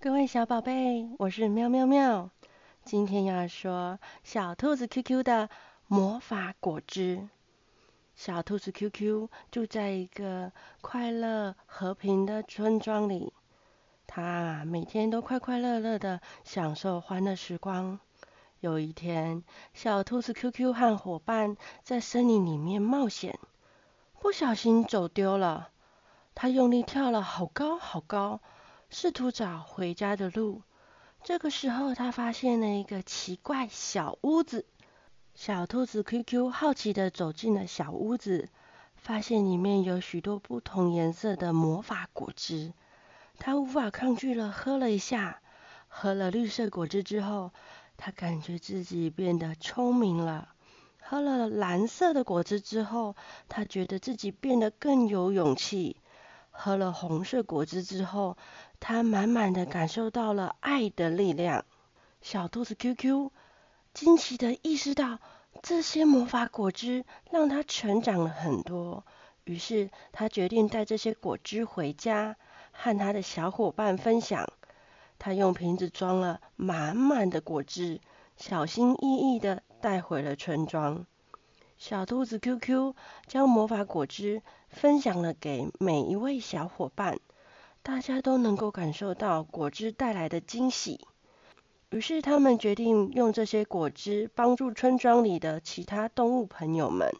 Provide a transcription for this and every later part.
各位小寶貝，我是妙妙妙，今天要說小兔子 QQ 的魔法果汁。小兔子 QQ 住在一個快樂和平的村莊裡，它每天都快快樂樂的享受歡樂時光。有一天，小兔子 QQ 和夥伴在森林裡面冒險，不小心走丟了。它用力跳了好高好高。試圖找回家的路，這個時候他發現了一個奇怪小屋子。小兔子 QQ 好奇的走進了小屋子，發現裡面有許多不同顏色的魔法果汁。他無法抗拒了，喝了一下。喝了綠色果汁之後，他感覺自己變得聰明了。喝了藍色的果汁之後，他覺得自己變得更有勇氣。喝了紅色果汁之後，他滿滿的感受到了愛的力量。小兔子 QQ 驚奇的意識到，這些魔法果汁讓他成長了很多。於是，他決定帶這些果汁回家，和他的小夥伴分享。他用瓶子裝了滿滿的果汁，小心翼翼的帶回了村莊。小兔子 QQ 將魔法果汁分享了給每一位小夥伴，大家都能夠感受到果汁帶來的驚喜。於是他們決定用這些果汁幫助村莊裡的其他動物朋友們。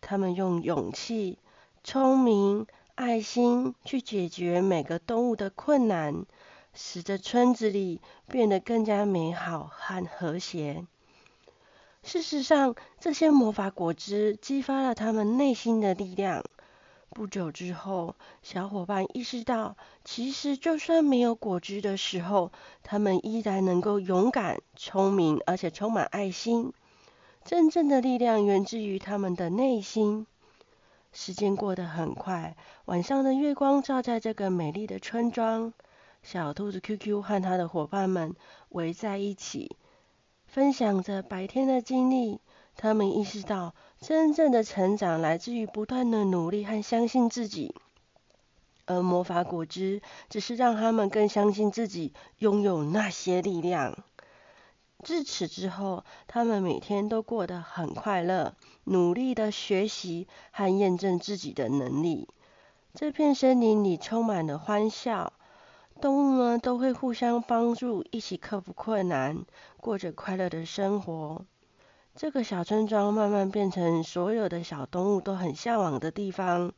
他們用勇氣、聰明、愛心去解決每個動物的困難，使得村子裡變得更加美好和和諧。事實上，這些魔法果汁激發了他們內心的力量。不久之後，小伙伴意識到，其實就算沒有果汁的時候，他們依然能夠勇敢、聰明，而且充滿愛心。真正的力量源自於他們的內心。時間過得很快，晚上的月光照在這個美麗的村莊，小兔子 QQ 和他的伙伴們圍在一起。分享着白天的經歷，他們意識到真正的成長來自於不斷的努力和相信自己，而魔法果汁只是讓他們更相信自己擁有那些力量。自此之後，他們每天都過得很快樂，努力的學習和驗證自己的能力。這片森林裡充滿了歡笑。動物們都會互相幫助，一起克服困難，過着快樂的生活。這個小村莊慢慢變成所有的小動物都很向往的地方。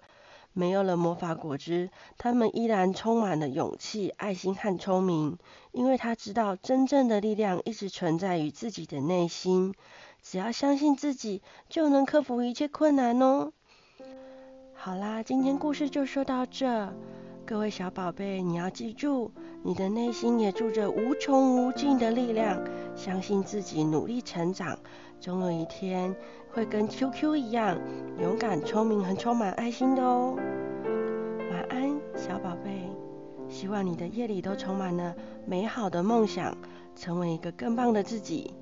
沒有了魔法果汁，它們依然充滿了勇氣、愛心和聰明，因為它知道真正的力量一直存在於自己的內心。只要相信自己，就能克服一切困難哦。好啦，今天故事就說到這。各位小寶貝，你要記住，你的內心也住着無窮無盡的力量。相信自己，努力成長，總有一天會跟 QQ 一樣，勇敢、聰明和充滿愛心的哦。晚安，小寶貝，希望你的夜裡都充滿了美好的夢想，成為一個更棒的自己。